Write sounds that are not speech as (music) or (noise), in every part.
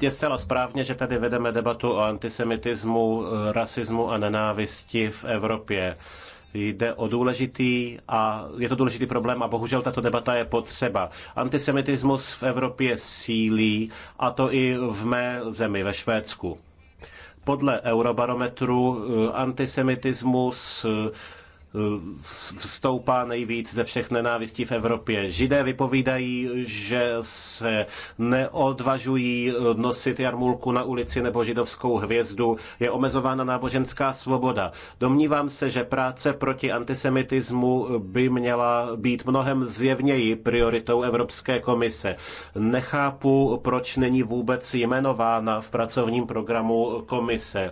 jste správně, že tady vedeme debatu o antisemitismu, rasismu a nenávisti v Evropě. Jde o důležitý a je to důležitý problém a bohužel tato debata je potřeba. Antisemitismus v Evropě sílí a to i v mé zemi, ve Švédsku. Podle Eurobarometru eh, antisemitismus eh, stoupá nejvíc ze všech nenávistí v Evropě. Židé vypovídají, že se neodvažují nosit jarmulku na ulici nebo židovskou hvězdu. Je omezována náboženská svoboda. Domnívám se, že práce proti antisemitismu by měla být mnohem zjevněji prioritou Evropské komise. Nechápu, proč není vůbec jmenována v pracovním programu komise.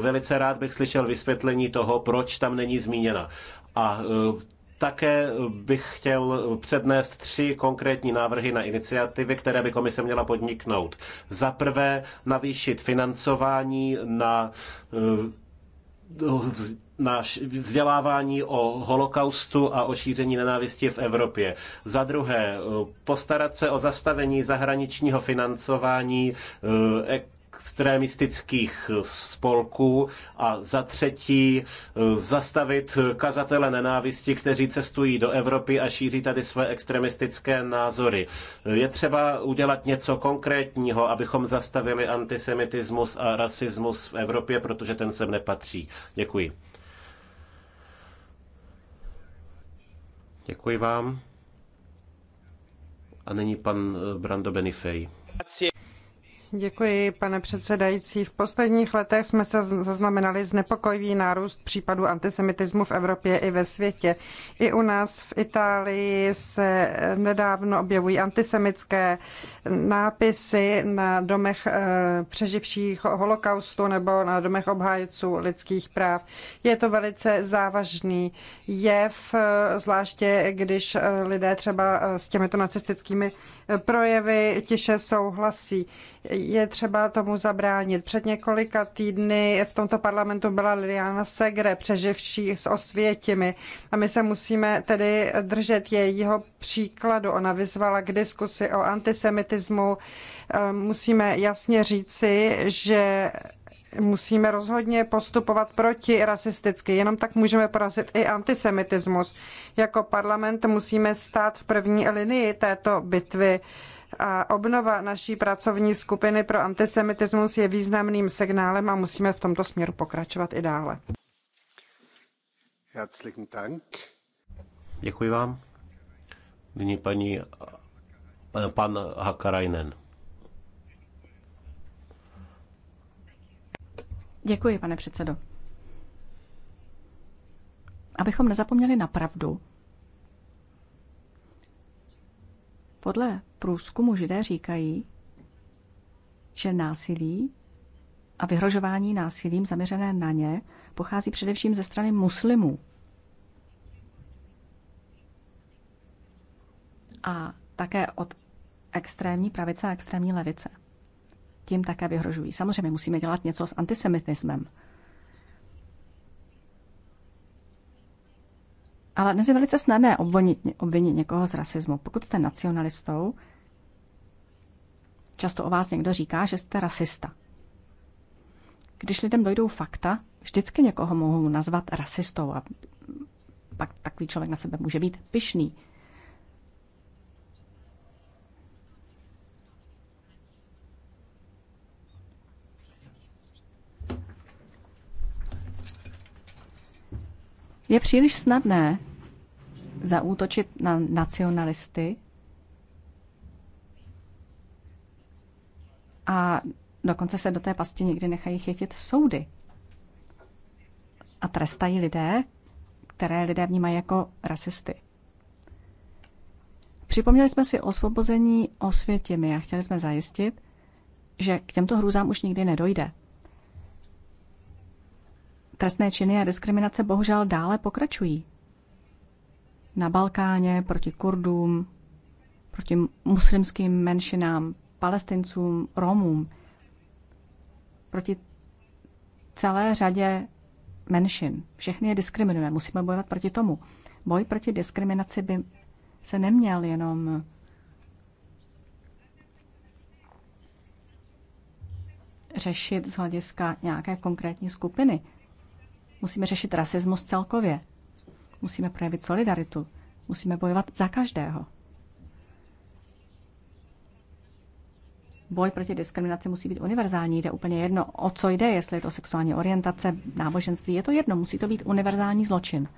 Velice rád bych slyšel vysvětlení toho, proč tam není zmíněna. A e, také bych chtěl přednést tři konkrétní návrhy na iniciativy, které by komise měla podniknout. Za prvé navýšit financování na e, na vzdělávání o holokaustu a o šíření nenávisti v Evropě. Za druhé, e, postarat se o zastavení zahraničního financování extremistických spolků a za třetí eh, zastavit kazatele nenávisti, kteří cestují do Evropy a šíří tady své extremistické názory. Je třeba udělat něco konkrétního, abychom zastavili antisemitismus a rasismus v Evropě, protože ten sem nepatří. Děkuji. Děkuji vám. A nyní pan eh, Brando Benifej. Děkuji, pane předsedající. V posledních letech jsme se zaznamenali znepokojivý nárůst případů antisemitismu v Evropě i ve světě. I u nás v Itálii se nedávno objevují antisemitské nápisy na domech eh, přeživších holokaustu nebo na domech obhájců lidských práv. Je to velice závažný jev, eh, zvláště když eh, lidé třeba s těmito nacistickými projevy tiše souhlasí je třeba tomu zabránit. Před několika týdny v tomto parlamentu byla Liliana Segre, přeživší s osvětimi. A my se musíme tedy držet jejího příkladu. Ona vyzvala k diskusi o antisemitismu. Eh, musíme jasně říci, že musíme rozhodně postupovat proti rasisticky. Jenom tak můžeme porazit i antisemitismus. Jako parlament musíme stát v první linii této bitvy a obnova naší pracovní skupiny pro antisemitismus je významným signálem a musíme v tomto směru pokračovat i dále. Dank. Děkuji vám. Nyní paní, eh, pan Hakarajnen. Děkuji, pane předsedo. Abychom nezapomněli na pravdu, Podle průzkumu židé říkají, že násilí a vyhrožování násilím zaměřené na ně pochází především ze strany muslimů. A také od extrémní pravice a extrémní levice. Tím také vyhrožují. Samozřejmě musíme dělat něco s antisemitismem. Ale dnes je velice snadné obvinit, obvinit někoho z rasismu. Pokud jste nacionalistou, často o vás někdo říká, že jste rasista. Když lidem dojdou fakta, vždycky někoho mohou nazvat rasistou a pak takový člověk na sebe může být pyšný. Je příliš snadné zaútočit na nacionalisty a dokonce se do té pasti někdy nechají chytit soudy a trestají lidé, které lidé vnímají jako rasisty. Připomněli jsme si osvobození my a chtěli jsme zajistit, že k těmto hrůzám už nikdy nedojde. Trestné činy a diskriminace bohužel dále pokračují na Balkáně, proti Kurdům, proti muslimským menšinám, palestincům, Romům, proti celé řadě menšin. Všechny je diskriminujeme, musíme bojovat proti tomu. Boj proti diskriminaci by se neměl jenom řešit z hlediska nějaké konkrétní skupiny. Musíme řešit rasismus celkově. Musíme projevit solidaritu. Musíme bojovat za každého. Boj proti diskriminaci musí být univerzální. Jde úplně jedno, o co jde, jestli je to sexuální orientace, náboženství, je to jedno. Musí to být univerzální zločin.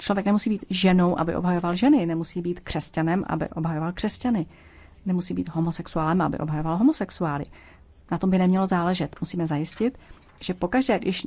Člověk nemusí být ženou, aby obhajoval ženy, nemusí být křesťanem, aby obhajoval křesťany, nemusí být homosexuálem, aby obhajoval homosexuály. Na tom by nemělo záležet. Musíme zajistit, že pokaždé, když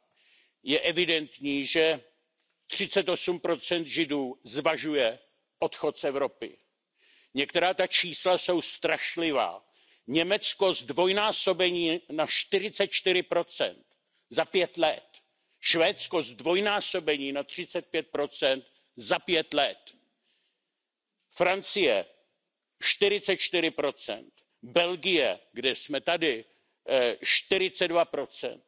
je evidentní že thirty eight židů zvažuje odchod z evropy. některá ta čísla jsou strašlivá. německo zdvojnásobení na forty four za pět let švédsko zdvojnásobení na thirty five za pět let francie forty four belgie kde jsme tady forty eh, two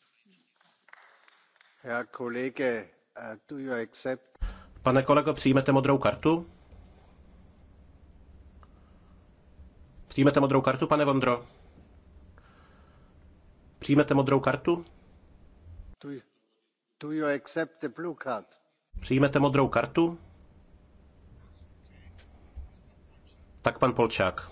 Äh, pane kolego, přijmete modrou kartu? Přijmete modrou kartu, pane Vondro? Přijmete modrou kartu? Do you accept the blue card? Přijmete modrou kartu? Tak pan Polčák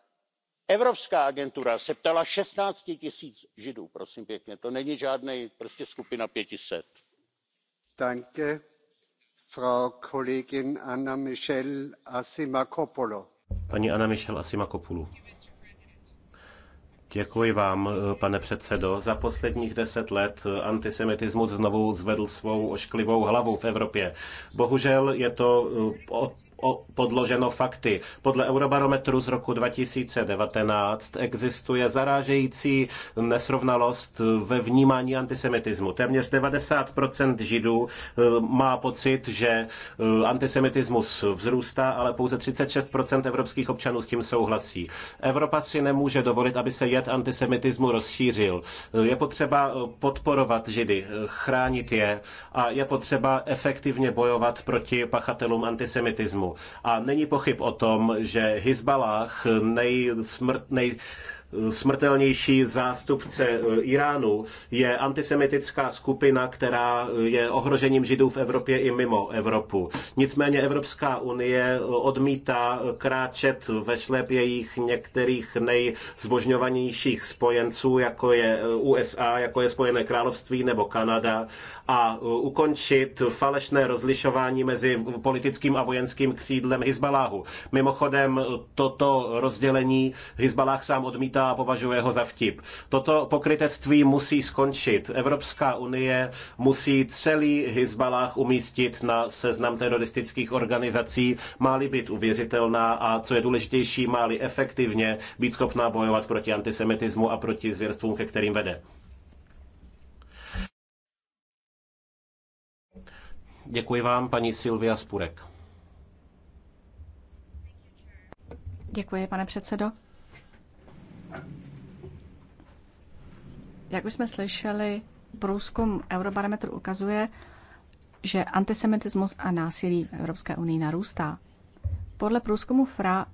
evropská agentura se ptala šestnácti tisíc židů prosím pěkně to není prostě skupina pěti set. Paní Anna Děkuji vám, pane předsedo. Za posledních deset let antisemitismus znovu zvedl svou ošklivou hlavu v Evropě. Bohužel je to podloženo fakty. Podle Eurobarometru z roku 2019 existuje zarážející nesrovnalost ve vnímání antisemitismu. Téměř 90% židů eh, má pocit, že eh, antisemitismus vzrůstá, ale pouze 36% evropských občanů s tím souhlasí. Evropa si nemůže dovolit, aby se jed antisemitismu rozšířil. Eh, je potřeba podporovat židy, chránit je a je potřeba efektivně bojovat proti pachatelům antisemitismu. A není pochyb o tom, že Hezbalah, nejsmrt, nej, smrtelnější zástupce eh, Iránu je antisemitická skupina, která eh, je ohrožením židů v Evropě i mimo Evropu. Nicméně Evropská unie eh, odmítá kráčet ve šlep jejich některých nejzbožňovanějších spojenců, jako je USA, jako je Spojené království nebo Kanada, a ukončit falešné rozlišování mezi politickým a vojenským křídlem Hizbaláhu. Mimochodem, toto rozdělení Hizbalách sám odmítá a považuje ho za vtip. Toto pokrytectví musí skončit. Evropská unie musí celý Hizbalách umístit na seznam teroristických organizací, má-li být uvěřitelná a co je důležitější, má-li efektivně být schopná bojovat proti antisemitismu a proti zvěrstvům, ke kterým vede. Děkuji vám, paní Silvia Spurek. Děkuji, pane předsedo. Jak už jsme slyšeli, průzkum Eurobarometru ukazuje, že antisemitismus a násilí v Evropské unii narůstá. Podle průzkumu FRA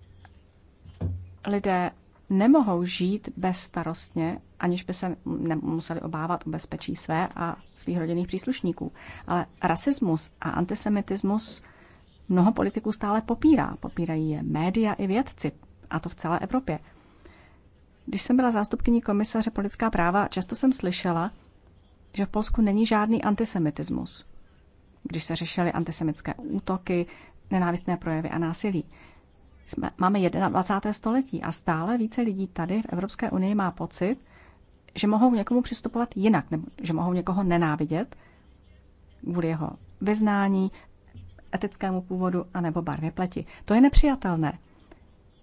lidé nemohou žít bezstarostně, aniž by se museli obávat o bezpečí své a svých rodinných příslušníků. Ale rasismus a antisemitismus mnoho politiků stále popírá. Popírají je média i vědci, a to v celé Evropě. Když jsem byla zástupkyní komisaře pro lidská práva, často jsem slyšela, že v Polsku není žádný antisemitismus, když se řešily antisemické útoky, nenávistné projevy a násilí. Jsme, máme 21. století a stále více lidí tady v Evropské unii má pocit, že mohou někomu přistupovat jinak, nebo že mohou někoho nenávidět kvůli jeho vyznání, etickému původu anebo barvě pleti. To je nepřijatelné.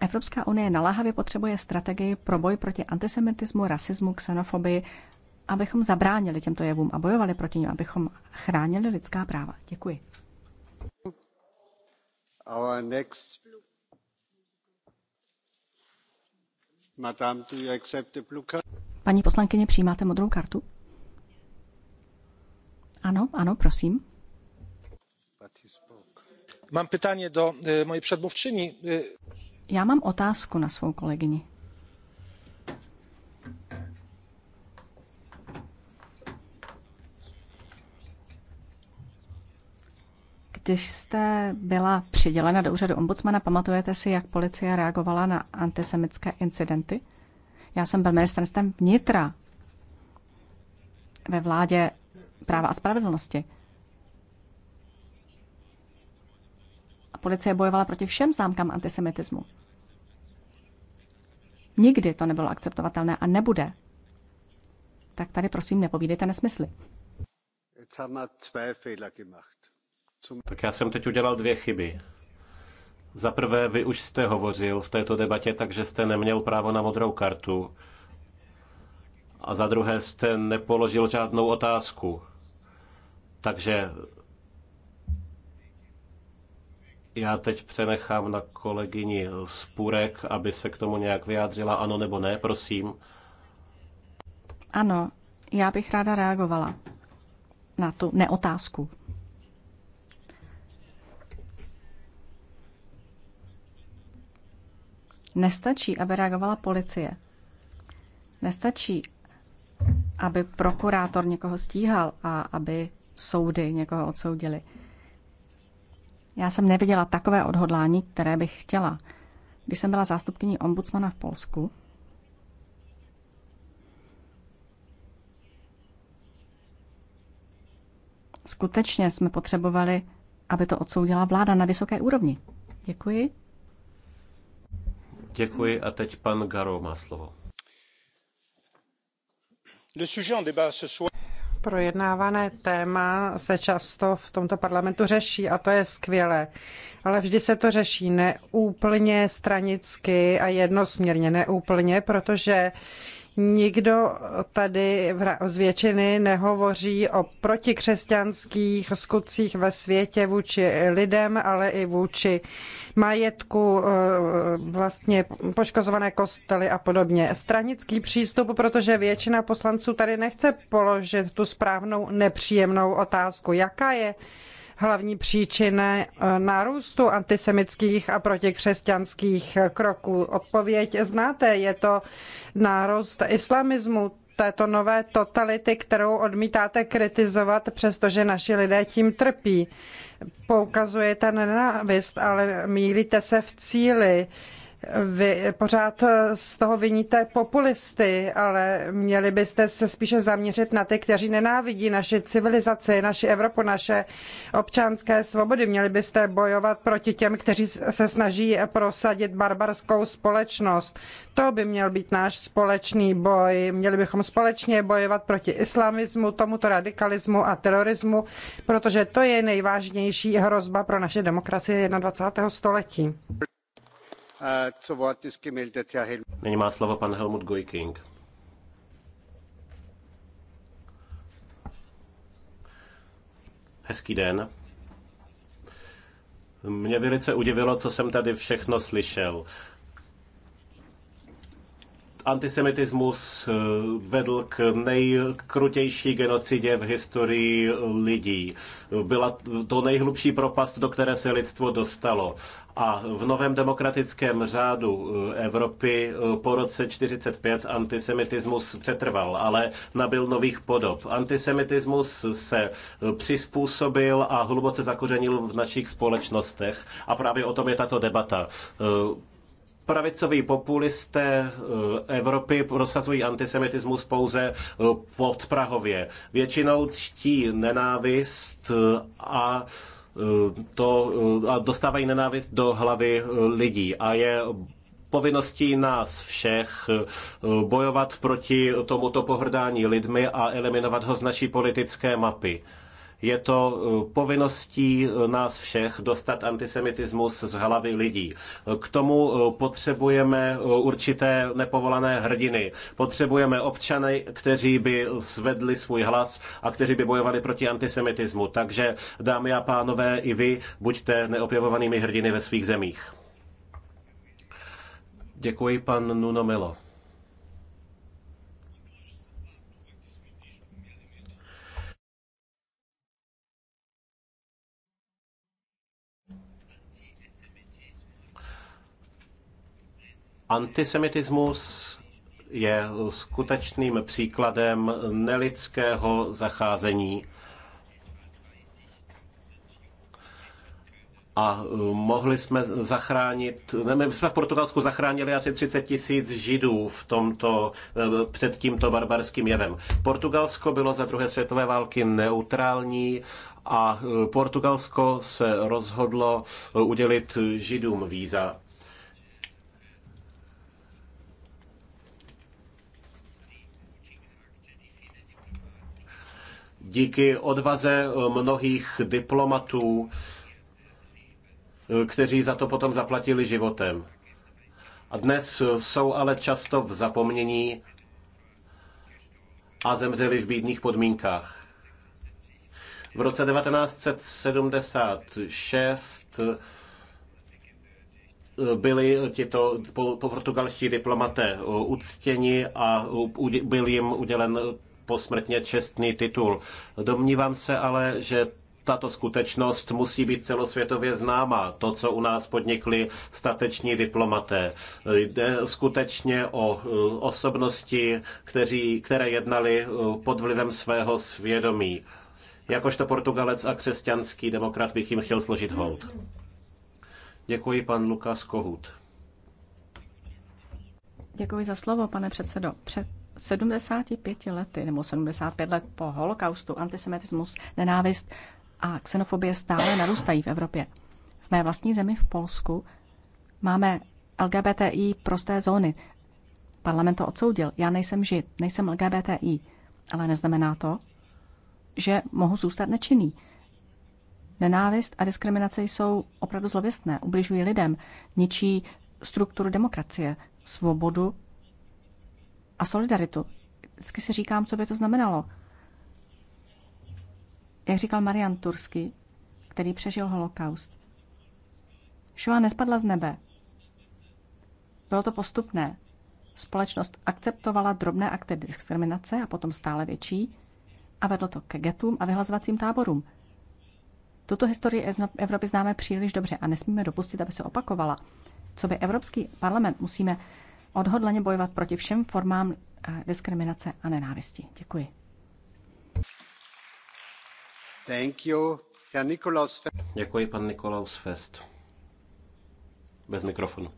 Evropská unie naláhavě potřebuje strategii pro boj proti antisemitismu, rasismu, xenofobii, abychom zabránili těmto jevům a bojovali proti nim, abychom chránili lidská práva. Děkuji. Our next... Madame, do you accept the blue card? Paní poslankyně, přijímáte modrou kartu? Ano, ano, prosím. Mám pytanie do e, mojej předmluvčiny. Já mám otázku na svou kolegyni. Když jste byla přidělena do úřadu ombudsmana, pamatujete si, jak policie reagovala na antisemické incidenty? Já jsem byl ministerstvem vnitra ve vládě práva a spravedlnosti. Policie bojovala proti všem známkám antisemitismu. Nikdy to nebylo akceptovatelné a nebude. Tak tady prosím nepovídejte nesmysly. Tak já jsem teď udělal dvě chyby. Za prvé, vy už jste hovořil v této debatě, takže jste neměl právo na modrou kartu. A za druhé, jste nepoložil žádnou otázku. Takže já teď přenechám na kolegyni Spurek, aby se k tomu nějak vyjádřila ano nebo ne, prosím. Ano, já bych ráda reagovala na tu neotázku. Nestačí, aby reagovala policie. Nestačí, aby prokurátor někoho stíhal a aby soudy někoho odsoudili. Já jsem neviděla takové odhodlání, které bych chtěla. Když jsem byla zástupkyní ombudsmana v Polsku, skutečně jsme potřebovali, aby to odsoudila vláda na vysoké úrovni. Děkuji. Děkuji a teď pan Garo má slovo. Le sujet en débat ce soir. Projednávané téma se často v tomto parlamentu řeší a to je skvělé. Ale vždy se to řeší neúplně stranicky a jednosměrně neúplně, protože Nikdo tady z většiny nehovoří o protikřesťanských skutcích ve světě vůči lidem, ale i vůči majetku, eh, vlastně poškozované kostely a podobně. Stranický přístup, protože většina poslanců tady nechce položit tu správnou nepříjemnou otázku. Jaká je hlavní příčiny eh, nárůstu antisemitských a protikřesťanských kroků. Odpověď znáte, je to nárůst islamismu, této nové totality, kterou odmítáte kritizovat, přestože naši lidé tím trpí. Poukazujete na nenávist, ale mílíte se v cíli vy pořád z toho viníte populisty, ale měli byste se spíše zaměřit na ty, kteří nenávidí naši civilizaci, naši Evropu, naše občanské svobody. Měli byste bojovat proti těm, kteří se snaží prosadit barbarskou společnost. To by měl být náš společný boj. Měli bychom společně bojovat proti islamismu, tomuto radikalismu a terorismu, protože to je nejvážnější hrozba pro naše demokracie 21. století. Nyní má slovo pan Helmut Gojking. Hezký den. Mě velice udivilo, co jsem tady všechno slyšel antisemitismus eh, vedl k nejkrutější genocidě v historii eh, lidí. Byla to nejhlubší propast, do které se lidstvo dostalo. A v novém demokratickém řádu eh, Evropy po roce 45 antisemitismus přetrval, ale nabil nových podob. Antisemitismus se přizpůsobil a hluboce zakořenil v našich společnostech a právě o tom je tato debata pravicoví populisté eh, Evropy prosazují antisemitismus pouze eh, pod Prahově. Většinou čtí nenávist eh, a to a dostávají nenávist do hlavy lidí a je povinností nás všech bojovat proti tomuto pohrdání lidmi a eliminovat ho z naší politické mapy. Je to eh, povinností eh, nás všech dostat antisemitismus z hlavy lidí. K tomu eh, potřebujeme určité nepovolané hrdiny. Potřebujeme občany, kteří by zvedli svůj hlas a kteří by bojovali proti antisemitismu. Takže, dámy a pánové, i vy buďte neopěvovanými hrdiny ve svých zemích. Děkuji, pan Nuno Milo. Antisemitismus je skutečným příkladem nelidského zacházení a eh, mohli jsme zachránit, Ne, my jsme v Portugalsku zachránili asi 30 tisíc židů v tomto, eh, před tímto barbarským jevem. Portugalsko bylo za druhé světové války neutrální a eh, Portugalsko se rozhodlo udělit židům víza. díky odvaze eh, mnohých diplomatů, eh, kteří za to potom zaplatili životem. A dnes eh, jsou ale často v zapomnění a zemřeli v bídných podmínkách. V roce 1976 byli tito portugalští diplomaté uctěni a byl jim udělen posmrtně čestný titul. Domnívám se ale, že tato skutečnost musí být celosvětově známá, to, co u nás podnikli stateční diplomaté. Jde skutečně o eh, osobnosti, kteří, které jednali eh, pod vlivem svého svědomí. Jakožto Portugalec a křesťanský demokrat bych jim chtěl složit hold. Děkuji, pan Lukas Kohut. Děkuji za slovo, pane předsedo. Před 75 lety nebo 75 let po holokaustu antisemitismus, nenávist a xenofobie stále narůstají v Evropě. V mé vlastní zemi v Polsku máme LGBTI prosté zóny. Parlament to odsoudil. Já nejsem žid, nejsem LGBTI, ale neznamená to, že mohu zůstat nečinný. Nenávist a diskriminace jsou opravdu zlověstné, ubližují lidem, ničí strukturu demokracie, svobodu a solidaritu. Vždycky si říkám, co by to znamenalo. Jak říkal Marian Tursky, který přežil holokaust. Shoah nespadla z nebe. Bylo to postupné. Společnost akceptovala drobné akty diskriminace a potom stále větší a vedlo to ke getům a vyhlazovacím táborům. Tuto historii Evropy známe příliš dobře a nesmíme dopustit, aby se opakovala. Co by Evropský parlament musíme odhodlaně bojovat proti všem formám eh, diskriminace a nenávisti. Děkuji. Thank you. Nikolaus Děkuji, pan Nikolaus Fest. Bez mikrofonu.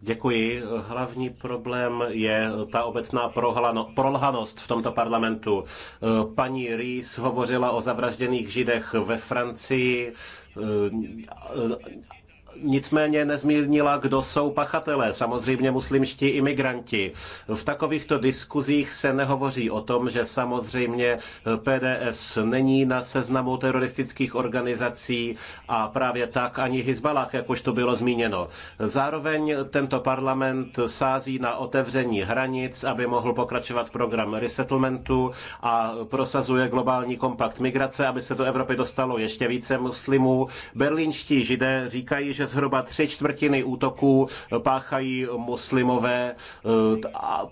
Děkuji. Hlavní problém je ta obecná prohlano, prolhanost v tomto parlamentu. Eh, paní Rees hovořila o zavražděných židech ve Francii eh, nicméně nezmírnila, kdo jsou pachatelé, samozřejmě muslimští imigranti. V takovýchto diskuzích se nehovoří o tom, že samozřejmě PDS není na seznamu teroristických organizací a právě tak ani Hizbalah, jak už to bylo zmíněno. Zároveň tento parlament sází na otevření hranic, aby mohl pokračovat program resettlementu a prosazuje globální kompakt migrace, aby se do Evropy dostalo ještě více muslimů. Berlínští židé říkají, že zhruba tři čtvrtiny útoků páchají muslimové eh, a,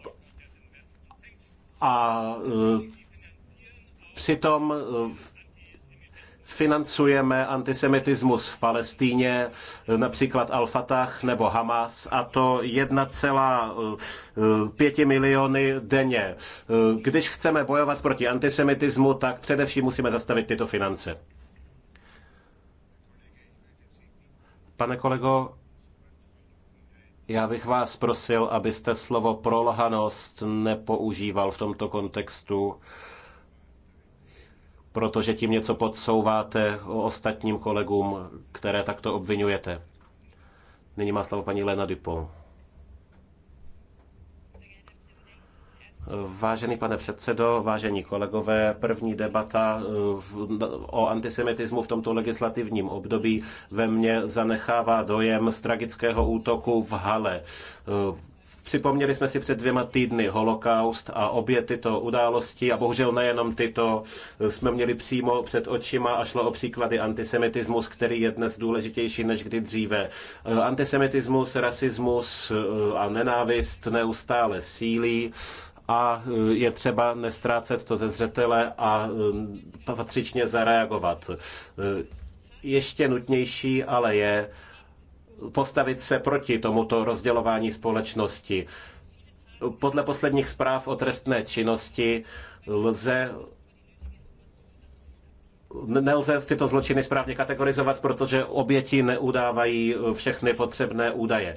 a eh, přitom eh, financujeme antisemitismus v Palestíně, například Al-Fatah nebo Hamas, a to 1,5 miliony denně. Když chceme bojovat proti antisemitismu, tak především musíme zastavit tyto finance. Pane kolego, já bych vás prosil, abyste slovo prolhanost nepoužíval v tomto kontextu, protože tím něco podsouváte o ostatním kolegům, které takto obvinujete. Nyní má slovo paní Lena Dupont. Vážený pane předsedo, vážení kolegové, první debata eh, v, o antisemitismu v tomto legislativním období ve mně zanechává dojem z tragického útoku v Hale. Eh, připomněli jsme si před dvěma týdny holokaust a obě tyto události, a bohužel nejenom tyto, eh, jsme měli přímo před očima a šlo o příklady antisemitismus, který je dnes důležitější než kdy dříve. Antisemitismus, rasismus a nenávist neustále sílí a e, je třeba nestrácet to ze zřetele a e, patřičně zareagovat. E, ještě nutnější ale je postavit se proti tomuto rozdělování společnosti. Podle posledních zpráv o trestné činnosti lze nelze tyto zločiny správně kategorizovat, protože oběti neudávají všechny potřebné údaje.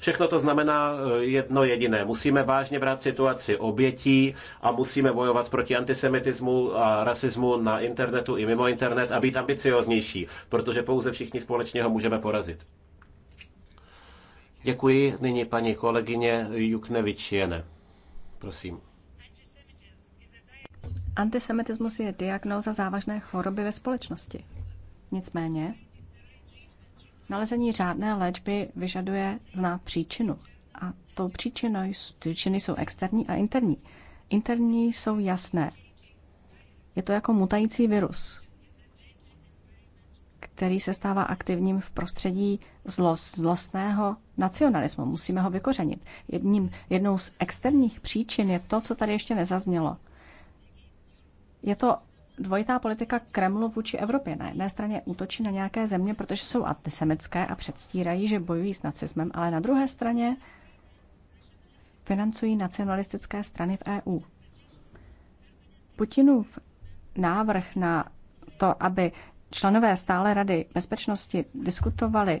Všechno to znamená eh, jedno jediné. Musíme vážně brát situaci obětí a musíme bojovat proti antisemitismu a rasismu na internetu i mimo internet a být ambicioznější, protože pouze všichni společně ho můžeme porazit. Děkuji. Nyní paní kolegyně Juknevič Jene. Prosím. Antisemitismus je diagnóza závažné choroby ve společnosti. Nicméně, Nalezení řádné léčby vyžaduje znát příčinu. A tou příčinou, příčiny jsou externí a interní. Interní jsou jasné. Je to jako mutající virus, který se stává aktivním v prostředí zlos, zlostného nacionalismu. Musíme ho vykořenit. Jedním, jednou z externích příčin je to, co tady ještě nezaznělo. Je to dvojitá politika Kremlu vůči Evropě. Na jedné straně útočí na nějaké země, protože jsou antisemické a předstírají, že bojují s nacismem, ale na druhé straně financují nacionalistické strany v EU. Putinův návrh na to, aby členové stále rady bezpečnosti diskutovali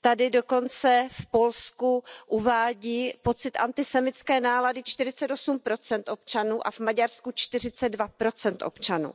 tady dokonce v polsku uvádí pocit antisemitské nálady forty eight občanů a v maďarsku forty two občanů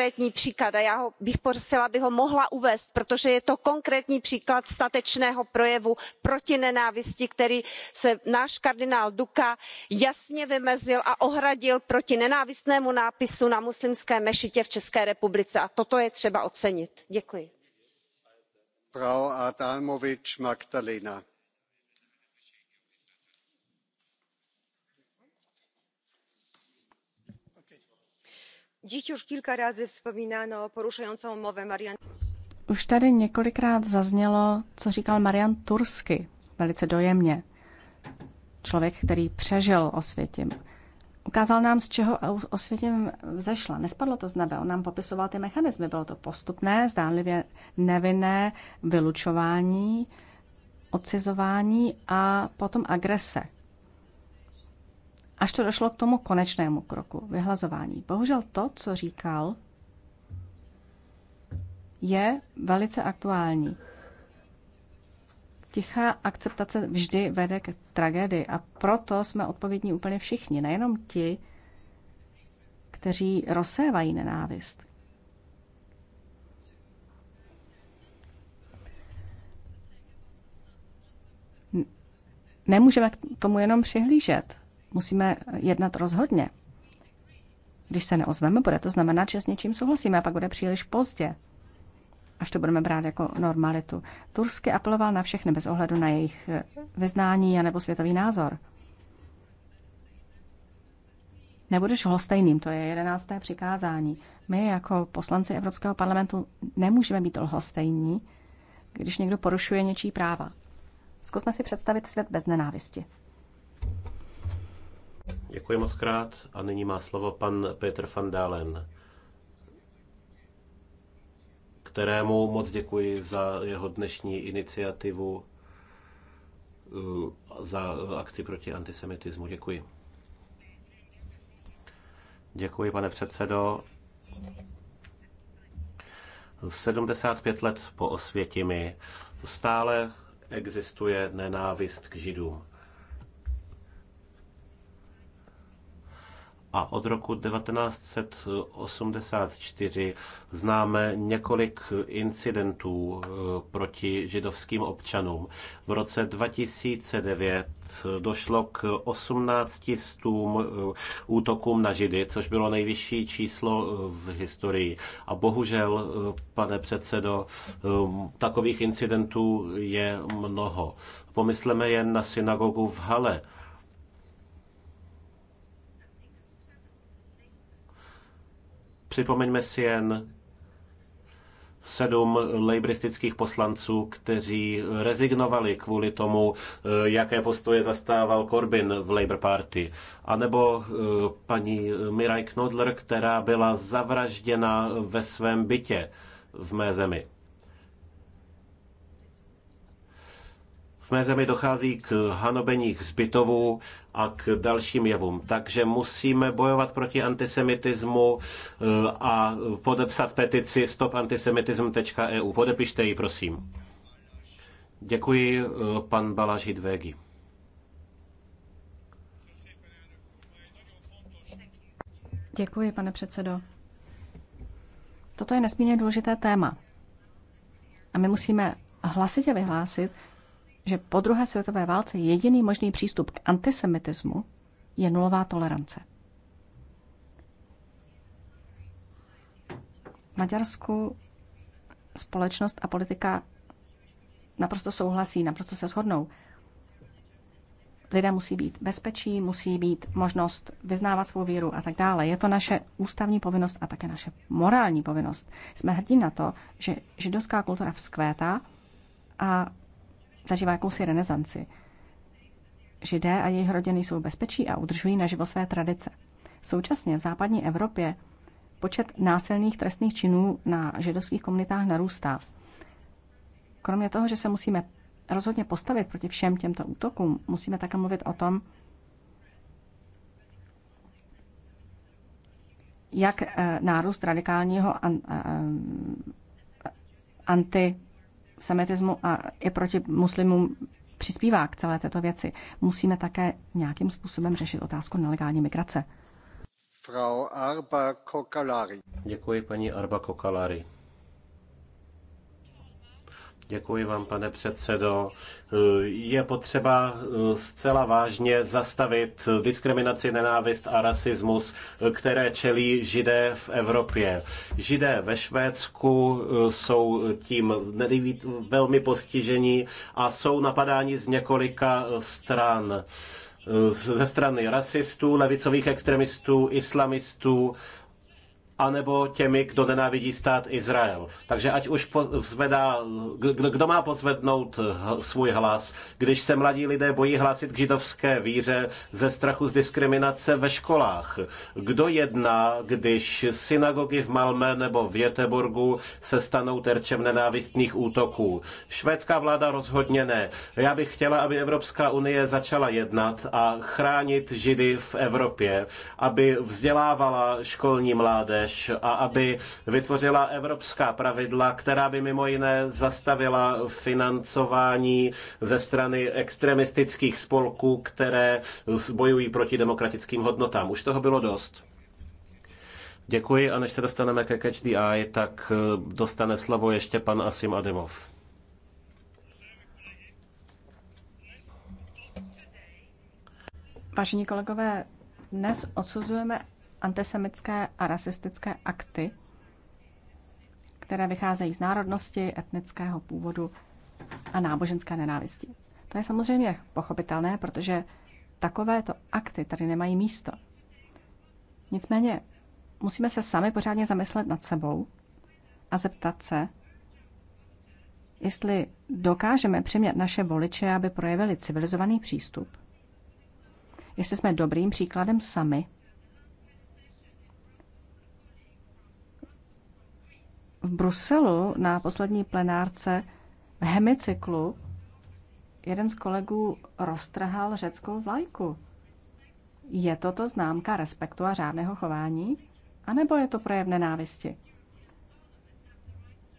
konkrétní příklad a já bych prosila aby ho mohla uvést protože je to konkrétní příklad statečného projevu proti nenávisti který se náš kardinál duka jasně vymezil a ohradil proti nenávistnému nápisu na muslimské mešitě v české republice a toto je třeba ocenit. děkuji. Už tady několikrát zaznělo, co říkal Marian Tursky, velice dojemně. Člověk, který přežil osvětím. Ukázal nám, z čeho osvětím vzešla. Nespadlo to z nebe, on nám popisoval ty mechanismy. Bylo to postupné, zdánlivě nevinné vylučování, odcizování a potom agrese až to došlo k tomu konečnému kroku, vyhlazování. Bohužel to, co říkal, je velice aktuální. Tichá akceptace vždy vede k tragédii a proto jsme odpovědní úplně všichni, nejenom ti, kteří rozsévají nenávist. Nemůžeme k tomu jenom přihlížet. Musíme jednat rozhodně. Když se neozveme, bude to znamenat, že s něčím souhlasíme a pak bude příliš pozdě, až to budeme brát jako normalitu. Tursky apeloval na všechny bez ohledu na jejich eh, vyznání a nebo světový názor. Nebudeš lhostejným, to je jedenácté přikázání. My jako poslanci Evropského parlamentu nemůžeme být lhostejní, když někdo porušuje něčí práva. Zkusme si představit svět bez nenávisti. Děkuji moc krát a nyní má slovo pan Petr van Dalen, kterému moc děkuji za jeho dnešní iniciativu eh, za akci proti antisemitismu. Děkuji. Děkuji, pane předsedo. 75 let po osvětimi stále existuje nenávist k židům. a od roku 1984 známe několik incidentů eh, proti židovským občanům. V roce 2009 došlo k 18 stům eh, útokům na židy, což bylo nejvyšší číslo eh, v historii. A bohužel, pane předsedo, takových incidentů je mnoho. Pomysleme jen na synagogu v Hale, Připomeňme si jen sedm lejbristických poslanců, kteří rezignovali kvůli tomu, eh, jaké postoje zastával Corbyn v Labour Party. A nebo eh, paní Miraj Knodler, která byla zavražděna ve svém bytě v mé zemi. mé zemi dochází k hanobení zbytovů a k dalším jevům. Takže musíme bojovat proti antisemitismu eh, a podepsat petici stopantisemitism.eu. E Podepište ji, prosím. Děkuji, eh, pan Balaš Hidvégi. Děkuji, pane předsedo. Toto je nesmírně důležité téma. A my musíme hlasitě vyhlásit, že po druhé světové válce jediný možný přístup k antisemitismu je nulová tolerance. Maďarskou Maďarsku společnost a politika naprosto souhlasí, naprosto se shodnou. Lidé musí být bezpečí, musí být možnost vyznávat svou víru a tak dále. Je to naše ústavní povinnost a také naše morální povinnost. Jsme hrdí na to, že židovská kultura vzkvétá a zažívá jakousi renesanci. Židé a jejich rodiny jsou bezpečí a udržují naživo své tradice. Současně v západní Evropě počet násilných trestných činů na židovských komunitách narůstá. Kromě toho, že se musíme rozhodně postavit proti všem těmto útokům, musíme také mluvit o tom, jak eh, nárůst radikálního eh, anti semitismu a i proti muslimům přispívá k celé této věci. Musíme také nějakým způsobem řešit otázku nelegální migrace. Frau Arba Kokalari. Děkuji paní Arba Kokalari. Děkuji vám, pane předsedo. Je potřeba eh, zcela vážně zastavit diskriminaci, nenávist a rasismus, eh, které čelí židé v Evropě. Židé ve Švédsku eh, jsou tím velmi postižení a jsou napadáni z několika stran ze strany rasistů, levicových extremistů, islamistů anebo těmi, kdo nenávidí stát Izrael. Takže ať už pozvedá, kdo má pozvednout svůj hlas, když se mladí lidé bojí hlásit k židovské víře ze strachu z diskriminace ve školách. Kdo jedná, když synagogy v Malmé nebo v Jeteborgu se stanou terčem nenávistných útoků? Švédská vláda rozhodně ne. Já bych chtěla, aby Evropská unie začala jednat a chránit židy v Evropě, aby vzdělávala školní mládež, mládež a aby vytvořila evropská pravidla, která by mimo jiné zastavila financování ze strany extremistických spolků, které bojují proti demokratickým hodnotám. Už toho bylo dost. Děkuji a než se dostaneme ke Catch the Eye, tak eh, dostane slovo ještě pan Asim Adimov. Vážení kolegové, dnes odsuzujeme antisemické a rasistické akty, které vycházejí z národnosti, etnického původu a náboženské nenávisti. To je samozřejmě pochopitelné, protože takovéto akty tady nemají místo. Nicméně musíme se sami pořádně zamyslet nad sebou a zeptat se, jestli dokážeme přimět naše voliče, aby projevili civilizovaný přístup, jestli jsme dobrým příkladem sami v Bruselu na poslední plenárce v hemicyklu jeden z kolegů roztrhal řeckou vlajku. Je toto známka respektu a řádného chování? A nebo je to projev nenávisti?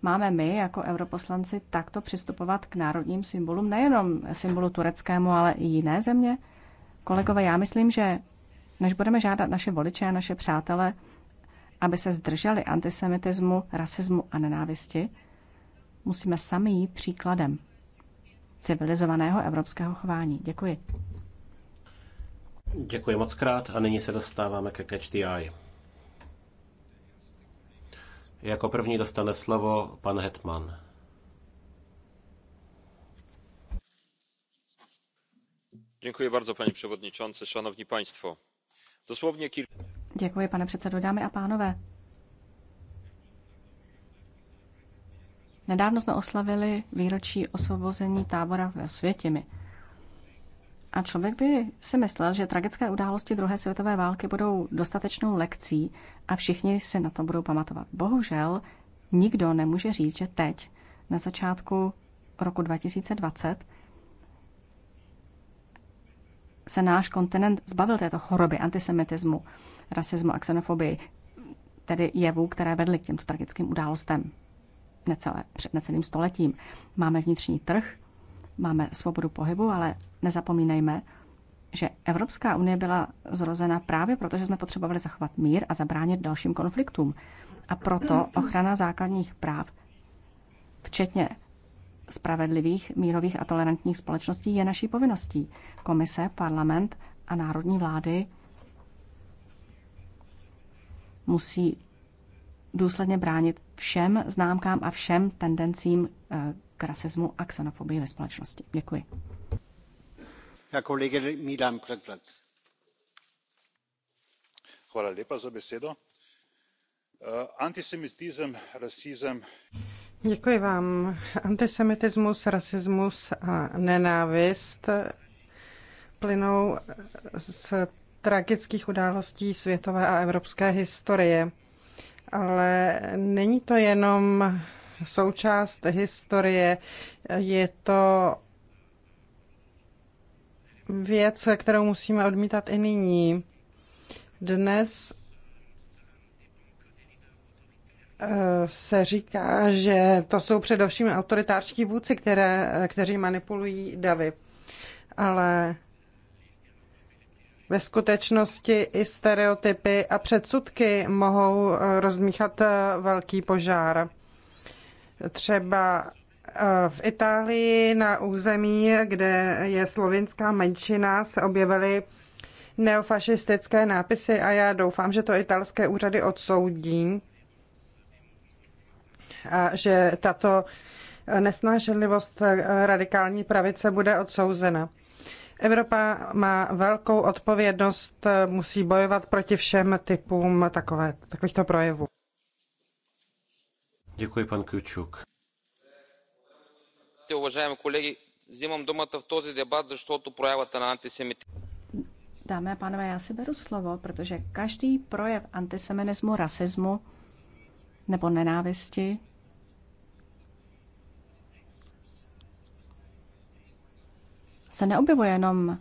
Máme my jako europoslanci takto přistupovat k národním symbolům, nejenom symbolu tureckému, ale i jiné země? Kolegové, já myslím, že než budeme žádat naše voliče a naše přátele, aby se zdrželi antisemitismu, rasismu a nenávisti, musíme sami jít příkladem civilizovaného evropského chování. Děkuji. Děkuji moc krát a nyní se dostáváme ke Catch the Eye. Jako první dostane slovo pan Hetman. Dziękuję bardzo, panie przewodniczący, szanowni państwo. Dosłownie kilka... Děkuji, pane předsedo. Dámy a pánové, nedávno jsme oslavili výročí osvobození tábora ve Světimi. A člověk by si myslel, že tragické události druhé světové války budou dostatečnou lekcí a všichni si na to budou pamatovat. Bohužel nikdo nemůže říct, že teď, na začátku roku 2020, se náš kontinent zbavil této choroby antisemitismu rasismu a xenofobii, tedy jevů, které vedly k těmto tragickým událostem necelé, před necelým stoletím. Máme vnitřní trh, máme svobodu pohybu, ale nezapomínejme, že Evropská unie byla zrozena právě proto, že jsme potřebovali zachovat mír a zabránit dalším konfliktům. A proto ochrana základních práv, včetně spravedlivých, mírových a tolerantních společností, je naší povinností. Komise, parlament a národní vlády musí důsledně bránit všem známkám a všem tendencím eh, k rasismu a xenofobii ve společnosti. Děkuji. Hvala lepa za besedo. Eh, Antisemitism, rasism. Děkuji vám. Antisemitismus, rasismus a nenávist plynou z tragických událostí světové a evropské historie. Ale není to jenom součást historie, je to věc, kterou musíme odmítat i nyní. Dnes eh, se říká, že to jsou především autoritářští vůdci, které, kteří manipulují davy. Ale ve skutečnosti i stereotypy a předsudky mohou eh, rozmíchat eh, velký požár. Třeba eh, v Itálii na území, kde je slovinská menšina, se objevily neofašistické nápisy a já doufám, že to italské úřady odsoudí a že tato nesnášenlivost radikální pravice bude odsouzena. Evropa má velkou odpovědnost, musí bojovat proti všem typům takové, takovýchto projevů. Děkuji, pan kolegy, Уважаеми doma взимам думата в този дебат, защото проявата на антисемитизъм. Dámy a pánové, já si beru slovo, protože každý projev antisemitismu, rasismu nebo nenávisti se neobjevuje jenom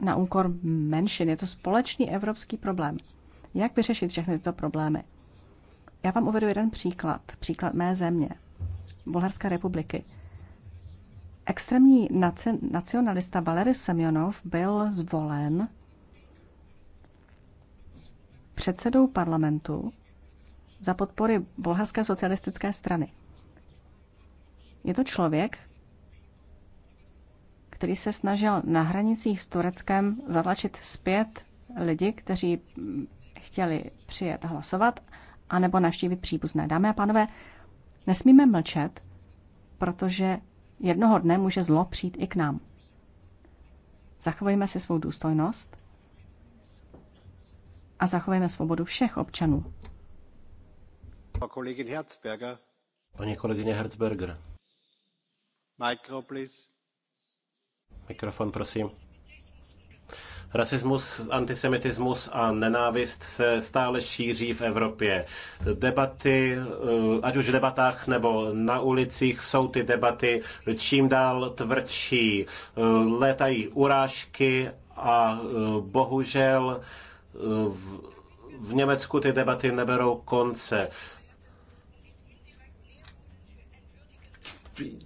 na úkor menšin. Je to společný evropský problém. Jak vyřešit všechny tyto problémy? Já vám uvedu jeden příklad. Příklad mé země, Bulharské republiky. Extrémní nacionalista Valery Semjonov byl zvolen předsedou parlamentu za podpory Bulharské socialistické strany. Je to člověk, který se snažil na hranicích s Tureckem zatlačit zpět lidi, kteří chtěli přijet hlasovat anebo navštívit příbuzné. Dámy a pánové, nesmíme mlčet, protože jednoho dne může zlo přijít i k nám. Zachovejme si svou důstojnost a zachovejme svobodu všech občanů. Paní kolegyně Herzberger. Micro, please. Mikrofon, prosím. Rasismus, antisemitismus a nenávist se stále šíří v Evropě. Debaty, eh, ať už v debatách nebo na ulicích, jsou ty debaty čím dál tvrdší. Eh, létají urážky a eh, bohužel v, v Německu ty debaty neberou konce.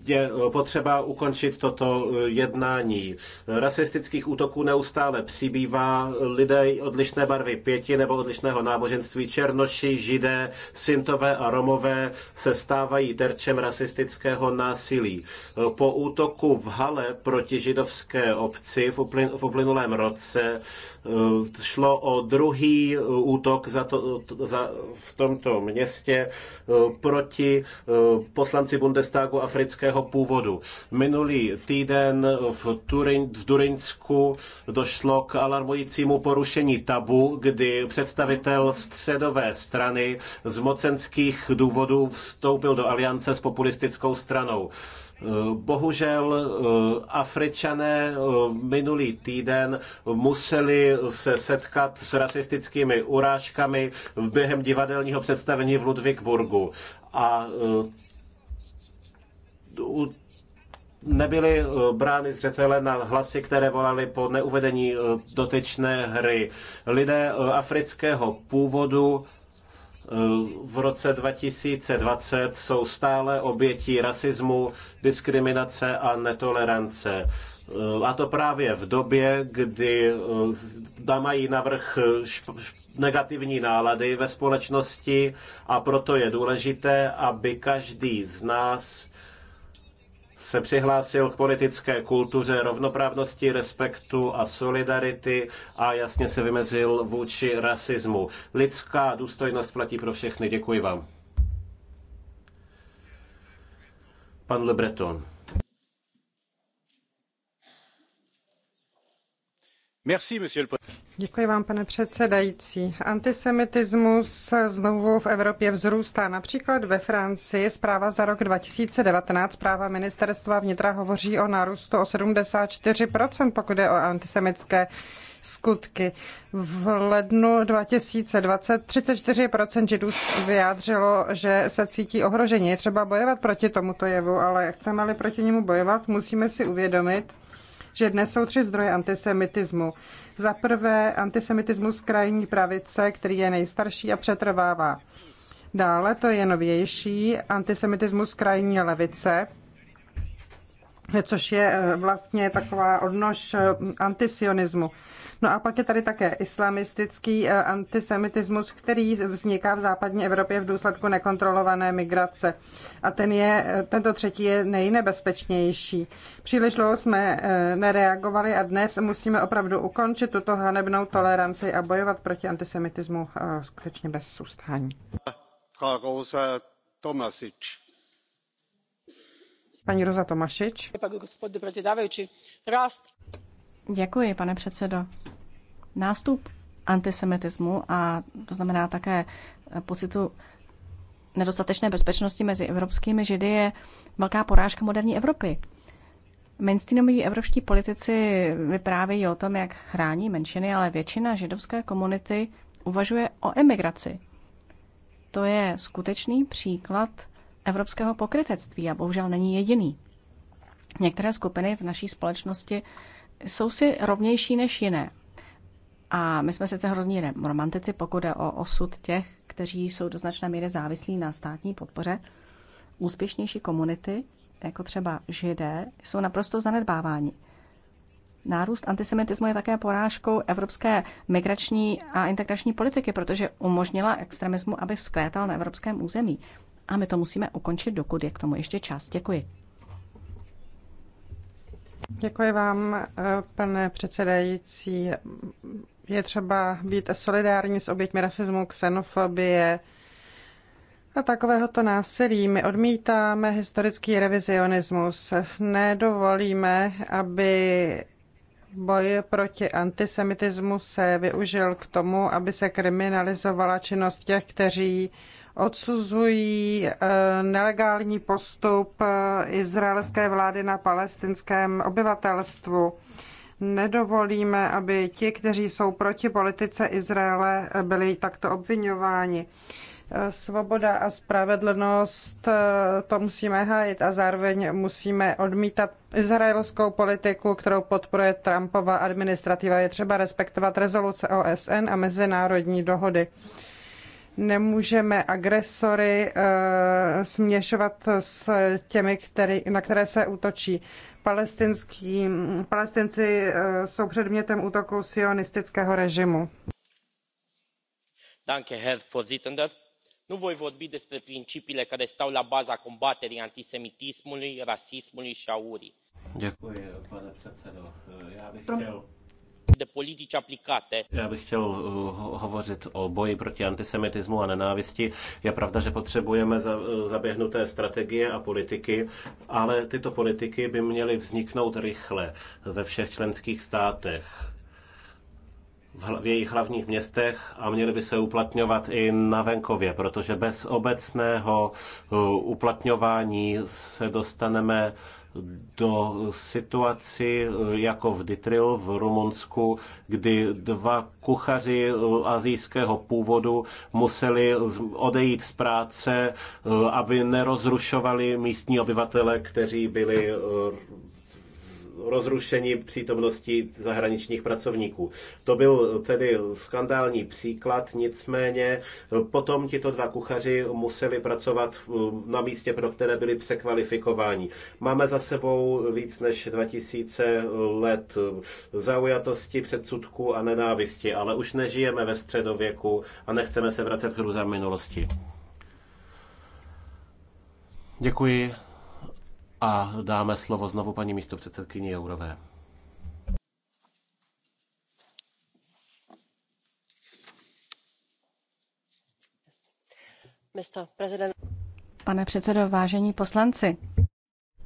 je eh, potřeba ukončit toto eh, jednání. Rasistických útoků neustále přibývá. Lidé odlišné barvy pěti nebo odlišného náboženství, černoši, židé, syntové a romové se stávají terčem rasistického násilí. Eh, po útoku v Hale proti židovské obci v uplynulém roce šlo o druhý útok za to, za, v tomto městě proti poslanci Bundestagu Afriky afrického původu. Minulý týden v, Turin, v Durinsku došlo k alarmujícímu porušení tabu, kdy představitel středové strany z mocenských důvodů vstoupil do aliance s populistickou stranou. Bohužel eh, Afričané eh, minulý týden museli se setkat s rasistickými urážkami během divadelního představení v Ludvíkburgu. A eh, nebyly eh, brány zřetele na hlasy, které volaly po neuvedení eh, dotyčné hry. Lidé eh, afrického původu v roce 2020 jsou stále obětí rasismu, diskriminace a netolerance. A to právě v době, kdy mají navrh negativní nálady ve společnosti a proto je důležité, aby každý z nás se přihlásil k politické kultuře rovnoprávnosti, respektu a solidarity a jasně se vymezil vůči rasismu. Lidská důstojnost platí pro všechny. Děkuji vám. Pan Le Breton. vám, pane předsedající. Antisemitismus znovu v Evropě vzrůstá. Například ve Francii zpráva za rok 2019, zpráva ministerstva vnitra hovoří o nárůstu o 74%, pokud je o antisemitské skutky. V lednu thirty four židů vyjádřilo, že se cítí ohroženi. Je třeba bojovat proti tomuto jevu, ale chceme-li proti němu bojovat, musíme si uvědomit, že dnes jsou tři zdroje antisemitismu. Za prvé antisemitismus krajní pravice, který je nejstarší a přetrvává. Dále to je novější antisemitismus krajní levice, což je eh, vlastně taková odnož eh, antisionismu. No a pak je tady také islamistický eh, antisemitismus, který vzniká v západní Evropě v důsledku nekontrolované migrace. A ten je, eh, tento třetí je nejnebezpečnější. Příliš dlouho jsme eh, nereagovali a dnes musíme opravdu ukončit tuto hanebnou toleranci a bojovat proti antisemitismu skutečně bez sustání. Paní Roza Tomašič. Rast Děkuji, pane předsedo. Nástup antisemitismu a to znamená také pocitu nedostatečné bezpečnosti mezi evropskými židy je velká porážka moderní Evropy. Mainstreamoví evropští politici vyprávějí o tom, jak chrání menšiny, ale většina židovské komunity uvažuje o emigraci. To je skutečný příklad evropského pokrytectví a bohužel není jediný. Některé skupiny v naší společnosti jsou si rovnější než jiné. A my jsme sice hrozní romantici, pokud je o osud těch, kteří jsou do značné míry závislí na státní podpoře. Úspěšnější komunity, jako třeba židé, jsou naprosto zanedbáváni. Nárůst antisemitismu je také porážkou evropské migrační a integrační politiky, protože umožnila extremismu, aby vzkvétal na evropském území. A my to musíme ukončit, dokud je k tomu ještě čas. Děkuji. Děkuji vám, eh, pane předsedající. Je třeba být solidární s oběťmi rasismu, xenofobie a takovéhoto násilí. My odmítáme historický revizionismus. Nedovolíme, aby boj proti antisemitismu se využil k tomu, aby se kriminalizovala činnost těch, kteří odsuzují eh, nelegální postup eh, izraelské vlády na palestinském obyvatelstvu. Nedovolíme, aby ti, kteří jsou proti politice Izraele, eh, byli takto obvinováni. Svoboda a spravedlnost to musíme hájit a zároveň musíme odmítat izraelskou politiku, kterou podporuje Trumpova administrativa. Je třeba respektovat rezoluce OSN a mezinárodní dohody nemůžeme agresory eh, směšovat s těmi, který, na které se útočí. Palestinský, palestinci eh, jsou předmětem útoku sionistického režimu. Danke, Herr Vorsitzender. Nu voi vorbi despre principiile care stau la baza combaterii antisemitismului, rasismului și aurii. Děkuji, pane předsedo. Eh, já bych chtěl já bych chtěl uh, hovořit o boji proti antisemitismu a nenávisti. Je pravda, že potřebujeme uh, zaběhnuté strategie a politiky, ale tyto politiky by měly vzniknout rychle ve všech členských státech v, jejich hlavních městech a měly by se uplatňovat i na venkově, protože bez obecného uh, uplatňování se dostaneme do situaci eh, jako v Ditril v Rumunsku, kdy dva kuchaři eh, azijského původu museli odejít z práce, eh, aby nerozrušovali místní obyvatele, kteří byli rozrušení přítomnosti zahraničních pracovníků. To byl tedy skandální příklad, nicméně potom tito dva kuchaři museli pracovat eh, na místě, pro které byli překvalifikováni. Máme za sebou víc než 2000 let zaujatosti, předsudku a nenávisti, ale už nežijeme ve středověku a nechceme se vracet k hrůzám minulosti. Děkuji. A dáme slovo znovu paní místopředsedkyni Jourové. Pane předsedo, vážení poslanci,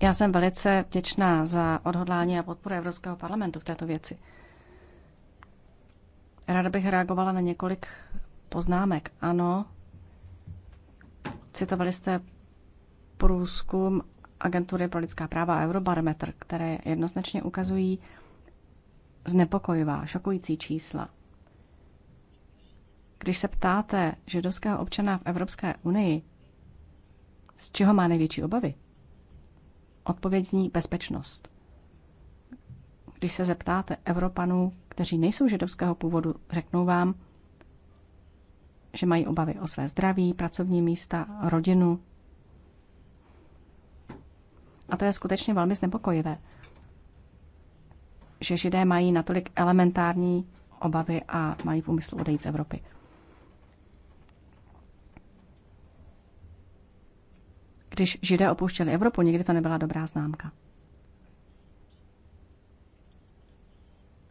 já jsem velice vděčná za odhodlání a podporu Evropského parlamentu v této věci. Ráda bych reagovala na několik poznámek. Ano, citovali jste průzkum agentury pro lidská práva a Eurobarometr, které jednoznačně ukazují znepokojivá, šokující čísla. Když se ptáte židovského občana v Evropské unii, z čeho má největší obavy? Odpověď zní bezpečnost. Když se zeptáte Evropanů, kteří nejsou židovského původu, řeknou vám, že mají obavy o své zdraví, pracovní místa, rodinu, a to je skutečně velmi znepokojivé, že židé mají natolik elementární obavy a mají v úmyslu odejít z Evropy. Když židé opouštěli Evropu, nikdy to nebyla dobrá známka.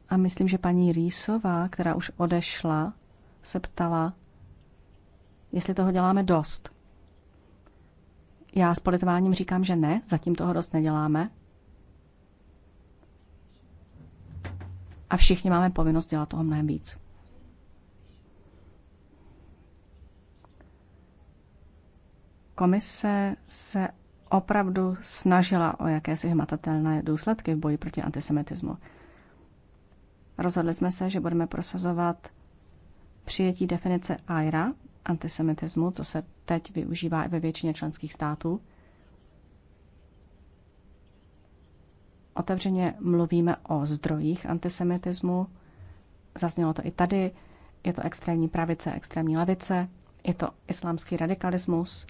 A myslím, že paní Rýsová, která už odešla, se ptala, jestli toho děláme dost. Já s politováním říkám, že ne, zatím toho dost neděláme. A všichni máme povinnost dělat toho mnohem víc. Komise se opravdu snažila o jakési hmatatelné důsledky v boji proti antisemitismu. Rozhodli jsme se, že budeme prosazovat přijetí definice AIRA, antisemitismu, co se teď využívá i ve většině členských států. Otevřeně mluvíme o zdrojích antisemitismu. Zaznělo to i tady. Je to extrémní pravice, extrémní levice, je to islámský radikalismus,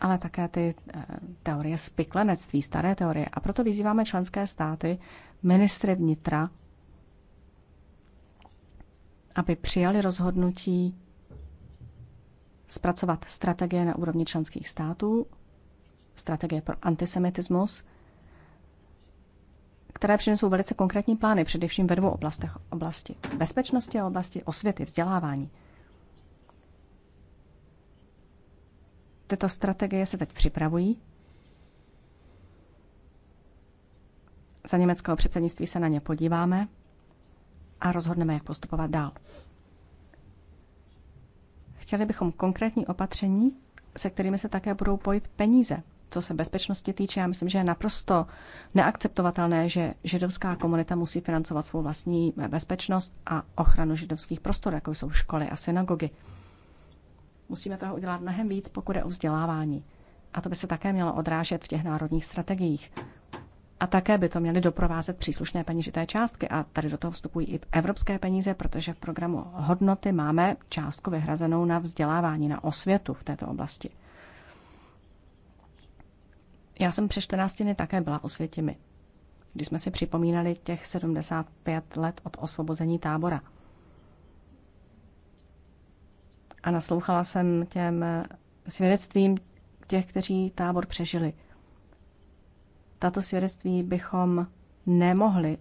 ale také ty eh, teorie spiklenectví, staré teorie. A proto vyzýváme členské státy, ministry vnitra, aby přijali rozhodnutí zpracovat strategie na úrovni členských států, strategie pro antisemitismus, které přinesou velice konkrétní plány, především ve dvou oblastech. Oblasti bezpečnosti a oblasti osvěty, vzdělávání. Tyto strategie se teď připravují. Za německého předsednictví se na ně podíváme a rozhodneme, jak postupovat dál. Chtěli bychom konkrétní opatření, se kterými se také budou pojit peníze. Co se bezpečnosti týče, já myslím, že je naprosto neakceptovatelné, že židovská komunita musí financovat svou vlastní bezpečnost a ochranu židovských prostor, jako jsou školy a synagogy. Musíme toho udělat mnohem víc, pokud je o vzdělávání. A to by se také mělo odrážet v těch národních strategiích a také by to měly doprovázet příslušné peněžité částky. A tady do toho vstupují i evropské peníze, protože v programu hodnoty máme částku vyhrazenou na vzdělávání, na osvětu v této oblasti. Já jsem před 14 dny také byla osvětěmi, když jsme si připomínali těch 75 let od osvobození tábora. A naslouchala jsem těm svědectvím těch, kteří tábor přežili – tato svědectví bychom nemohli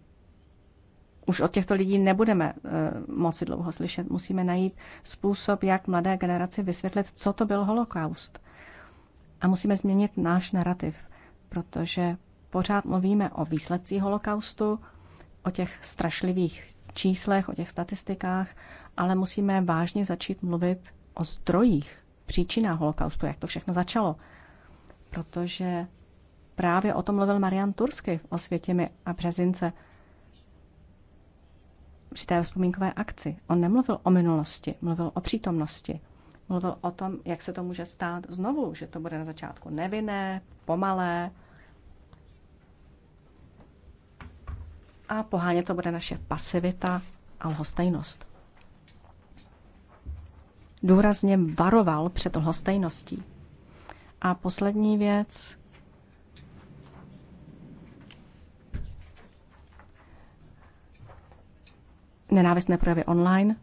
už od těchto lidí nebudeme uh, moci dlouho slyšet. Musíme najít způsob, jak mladé generaci vysvětlit, co to byl holokaust. A musíme změnit náš narrativ, protože pořád mluvíme o výsledcích holokaustu, o těch strašlivých číslech, o těch statistikách, ale musíme vážně začít mluvit o zdrojích, příčinách holokaustu, jak to všechno začalo. Protože Právě o tom mluvil Marian Tursky o Světěmi a Březince při té vzpomínkové akci. On nemluvil o minulosti, mluvil o přítomnosti. Mluvil o tom, jak se to může stát znovu, že to bude na začátku nevinné, pomalé, a poháně to bude naše pasivita a lhostejnost. Důrazně varoval před lhostejností. A poslední věc, nenávistné projevy online.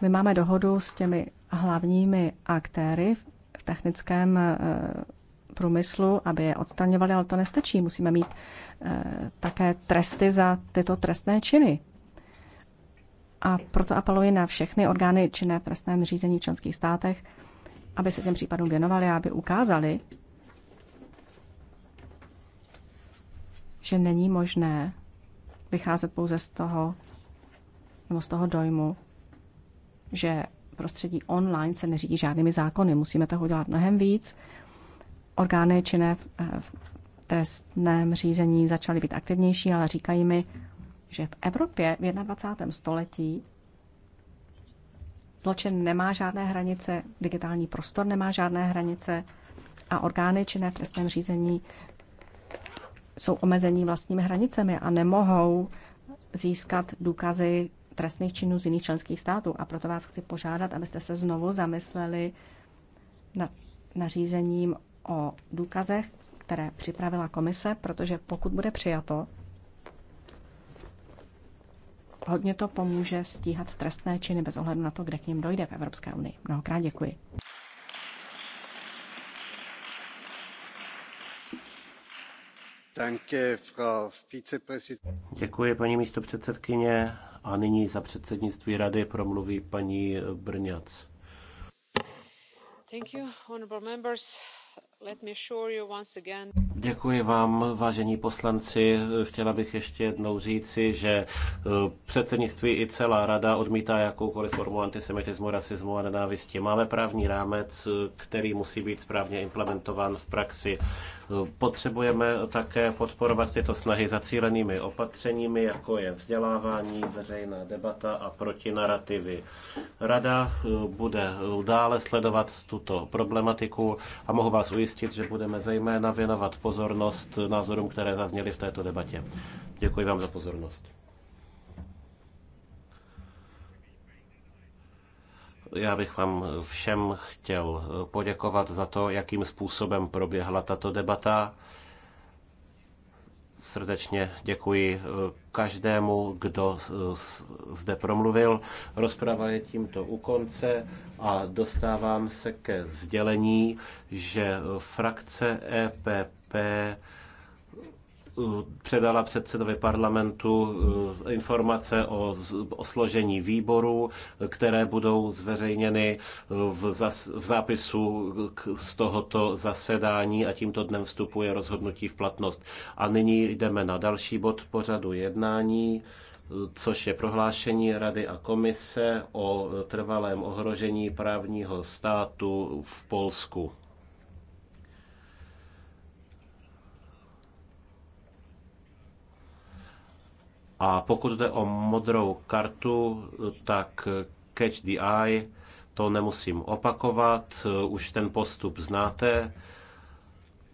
My máme dohodu s těmi hlavními aktéry v technickém eh, průmyslu, aby je odstraňovali, ale to nestačí. Musíme mít eh, také tresty za tyto trestné činy. A proto apeluji na všechny orgány činné v trestném řízení v členských státech, aby se těm případům věnovali a aby ukázali, že není možné vycházet pouze z toho, nebo z toho dojmu, že prostředí online se neřídí žádnými zákony. Musíme toho dělat mnohem víc. Orgány činné v eh, trestném řízení začaly být aktivnější, ale říkají mi, že v Evropě v 21. století zločin nemá žádné hranice, digitální prostor nemá žádné hranice a orgány činné v trestném řízení jsou omezení vlastními hranicemi a nemohou získat důkazy trestných činů z jiných členských států. A proto vás chci požádat, abyste se znovu zamysleli nad nařízením o důkazech, které připravila komise, protože pokud bude přijato, hodně to pomůže stíhat trestné činy bez ohledu na to, kde k ním dojde v Evropské unii. Mnohokrát děkuji. Děkuji, paní místopředsedkyně. A nyní za předsednictví rady promluví paní Brňac. Thank you, honorable members. Děkuji vám, vážení poslanci. Chtěla bych ještě jednou říci, že eh, předsednictví i celá rada odmítá jakoukoliv formu antisemitismu, rasismu a nenávisti. Máme právní rámec, eh, který musí být správně implementován v praxi. Eh, potřebujeme také podporovat tyto snahy zacílenými opatřeními, jako je vzdělávání, veřejná debata a protinarativy. Rada bude dále sledovat tuto problematiku a mohu vás ujistit, zajistit, že budeme zejména věnovat pozornost názorům, které zazněly v této debatě. Děkuji vám za pozornost. Já bych vám všem chtěl poděkovat za to, jakým způsobem proběhla tato debata srdečně děkuji eh, každému, kdo eh, zde promluvil. Rozprava je tímto u konce a dostávám se ke sdělení, že eh, frakce EPP Eh, předala předsedovi parlamentu eh, informace o, o složení výborů, které budou zveřejněny eh, v, zas, v zápisu k, z tohoto zasedání a tímto dnem vstupuje rozhodnutí v platnost. A nyní jdeme na další bod pořadu jednání což je prohlášení Rady a komise o trvalém ohrožení právního státu v Polsku. A pokud jde o modrou kartu, tak catch the eye, to nemusím opakovat, už ten postup znáte.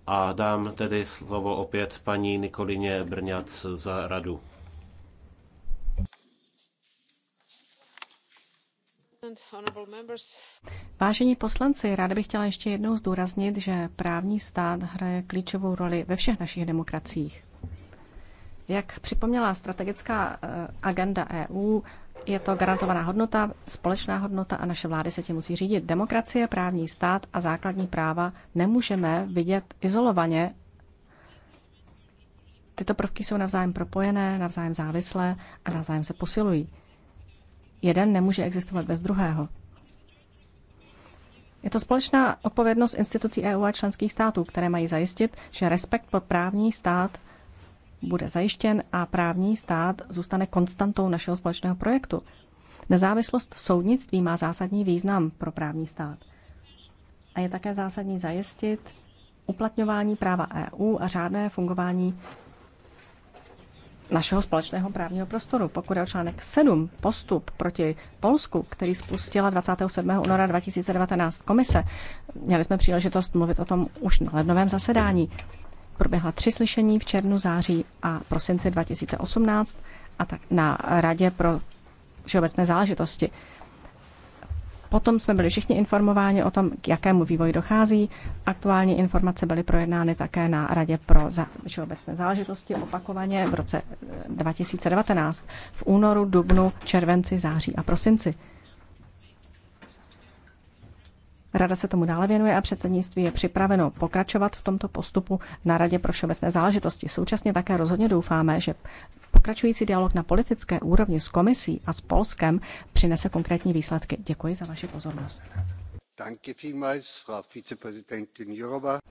A dám tedy slovo opět paní Nikolině Brňac za radu. Vážení poslanci, ráda bych chtěla ještě jednou zdůraznit, že právní stát hraje klíčovou roli ve všech našich demokraciích. Jak připomněla strategická eh, agenda EU, je to garantovaná hodnota, společná hodnota a naše vlády se tím musí řídit. Demokracie, právní stát a základní práva nemůžeme vidět izolovaně. Tyto prvky jsou navzájem propojené, navzájem závislé a navzájem se posilují. Jeden nemůže existovat bez druhého. Je to společná odpovědnost institucí EU a členských států, které mají zajistit, že respekt pro právní stát bude zajištěn a právní stát zůstane konstantou našeho společného projektu. Nezávislost soudnictví má zásadní význam pro právní stát. A je také zásadní zajistit uplatňování práva EU a řádné fungování našeho společného právního prostoru. Pokud je o článek 7, postup proti Polsku, který spustila 27. února 2019 komise, měli jsme příležitost mluvit o tom už na lednovém zasedání proběhla tři slyšení v červnu, září a prosinci 2018 a tak na Radě pro všeobecné záležitosti. Potom jsme byli všichni informováni o tom, k jakému vývoji dochází. Aktuální informace byly projednány také na Radě pro všeobecné záležitosti opakovaně v roce 2019 eh, v únoru, dubnu, červenci, září a prosinci. Rada se tomu dále věnuje a předsednictví je připraveno pokračovat v tomto postupu na Radě pro všeobecné záležitosti. Současně také rozhodně doufáme, že pokračující dialog na politické úrovni s komisí a s Polskem přinese konkrétní výsledky. Děkuji za vaši pozornost.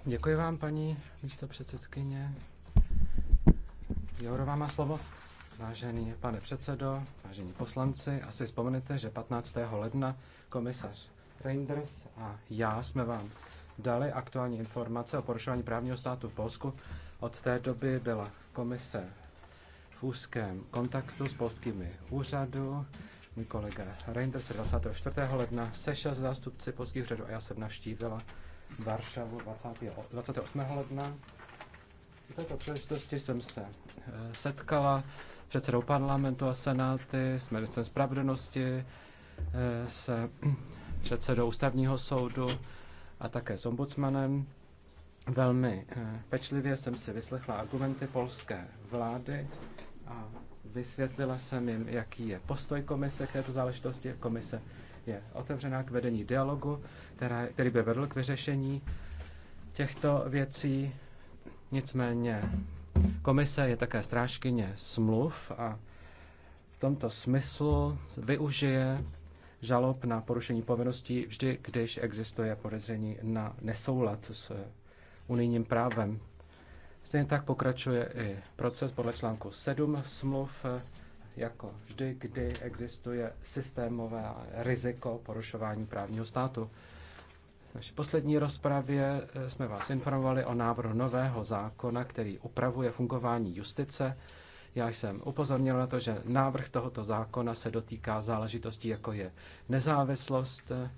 Děkuji vám, paní předsedkyně. Jourová má slovo. Vážený pane předsedo, vážení poslanci, asi vzpomenete, že 15. ledna komisař Reinders a já jsme vám dali aktuální informace o porušování právního státu v Polsku. Od té doby byla komise v úzkém kontaktu s polskými úřady. Můj kolega Reinders 24. ledna sešel s zástupci polských úřadů a já jsem navštívila Varšavu 20. 28. ledna. V této příležitosti jsem se eh, setkala s předsedou parlamentu a senáty, s ministrem spravedlnosti, eh, s předsedou ústavního soudu a také s ombudsmanem. Velmi eh, pečlivě jsem si vyslechla argumenty polské vlády a vysvětlila jsem jim, jaký je postoj komise k této záležitosti. Komise je otevřená k vedení dialogu, která, který by vedl k vyřešení těchto věcí. Nicméně komise je také strážkyně smluv a v tomto smyslu využije žalob na porušení povinností vždy, když existuje podezření na nesoulad s eh, unijním právem. Stejně tak pokračuje i proces podle článku 7 smluv, eh, jako vždy, kdy existuje systémové riziko porušování právního státu. V naší poslední rozpravě eh, jsme vás informovali o návrhu nového zákona, který upravuje fungování justice já jsem upozornil na to, že návrh tohoto zákona se dotýká záležitostí, jako je nezávislost eh,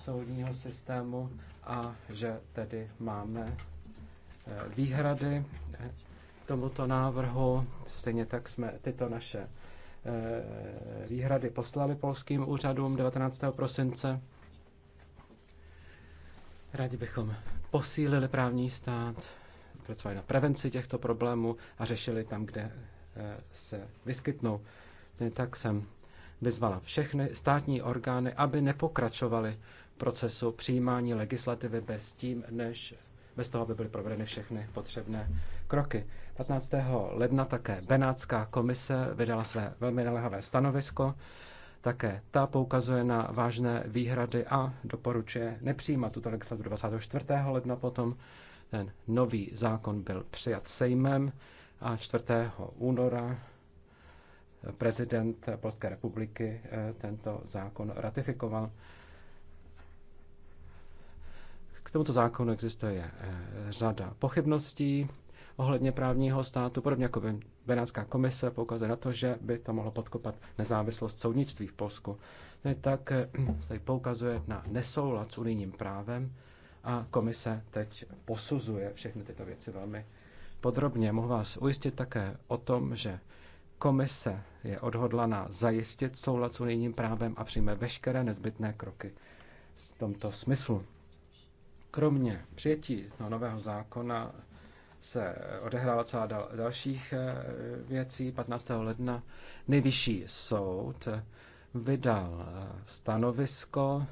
soudního systému a že tedy máme eh, výhrady eh, tomuto návrhu. Stejně tak jsme tyto naše výhrady poslali polským úřadům 19. prosince. Rádi bychom posílili právní stát, pracovali na prevenci těchto problémů a řešili tam, kde se vyskytnou. Tak jsem vyzvala všechny státní orgány, aby nepokračovaly procesu přijímání legislativy bez tím, než bez toho, aby byly provedeny všechny potřebné kroky. 15. ledna také Benátská komise vydala své velmi nalehavé stanovisko. Také ta poukazuje na vážné výhrady a doporučuje nepřijímat tuto legislativu 24. ledna potom. Ten nový zákon byl přijat sejmem a 4. února prezident Polské republiky eh, tento zákon ratifikoval. K tomuto zákonu existuje eh, řada pochybností ohledně právního státu, podobně jako Benátská komise poukazuje na to, že by to mohlo podkopat nezávislost soudnictví v Polsku. Tak eh, (clears throat) tady poukazuje na nesoulad s unijním právem a komise teď posuzuje všechny tyto věci velmi podrobně. Mohu vás ujistit také o tom, že komise je odhodlana zajistit soulad s unijním právem a přijme veškeré nezbytné kroky v tomto smyslu. Kromě přijetí toho no, nového zákona se odehrála celá dal- dalších eh, věcí. 15. ledna nejvyšší soud vydal eh, stanovisko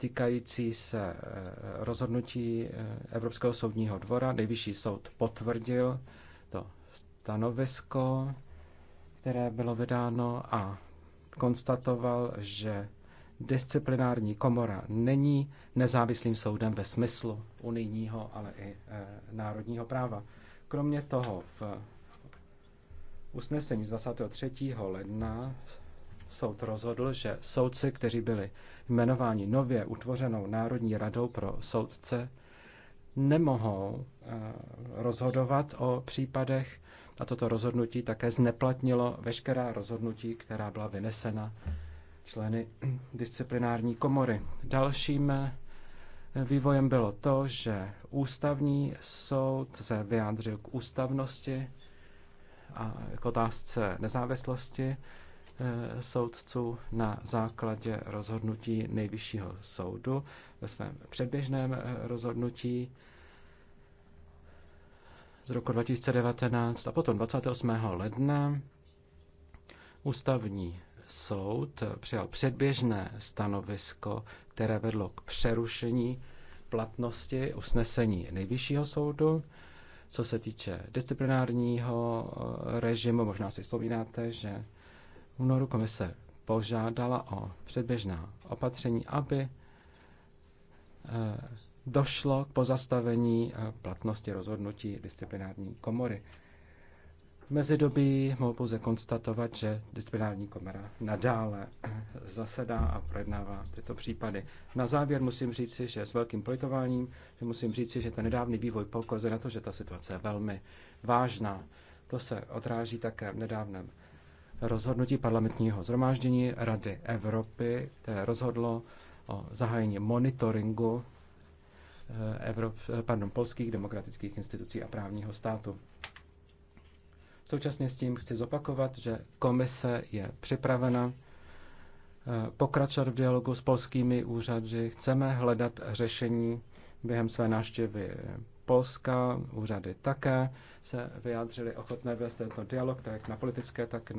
týkající se eh, rozhodnutí eh, Evropského soudního dvora. Nejvyšší soud potvrdil to stanovisko, které bylo vydáno a konstatoval, že disciplinární komora není nezávislým soudem ve smyslu unijního, ale i e, národního práva. Kromě toho v usnesení z 23. ledna soud rozhodl, že soudci, kteří byli jmenováni nově utvořenou Národní radou pro soudce nemohou eh, rozhodovat o případech a toto rozhodnutí také zneplatnilo veškerá rozhodnutí, která byla vynesena členy (clears throat) disciplinární komory. Dalším eh, vývojem bylo to, že ústavní soud se vyjádřil k ústavnosti a k otázce nezávislosti Eh, soudců na základě rozhodnutí nejvyššího soudu ve svém předběžném eh, rozhodnutí z roku 2019 a potom 28. ledna ústavní soud přijal předběžné stanovisko, které vedlo k přerušení platnosti usnesení nejvyššího soudu. Co se týče disciplinárního eh, režimu, možná si vzpomínáte, že únoru komise požádala o předběžná opatření, aby eh, došlo k pozastavení eh, platnosti rozhodnutí disciplinární komory. V mezidobí mohu pouze konstatovat, že disciplinární komora nadále eh, zasedá a projednává tyto případy. Na závěr musím říci, že s velkým politováním, že musím říci, že ten nedávný vývoj poukazuje na to, že ta situace je velmi vážná. To se odráží také v nedávném rozhodnutí parlamentního zhromáždění Rady Evropy, které rozhodlo o zahájení monitoringu eh, Evrop, eh, pardon, polských demokratických institucí a právního státu. Současně s tím chci zopakovat, že komise je připravena eh, pokračovat v dialogu s polskými úřady. Chceme hledat řešení během své návštěvy Polska, úřady také se vyjádřili ochotné vést tento dialog, tak na politické, tak na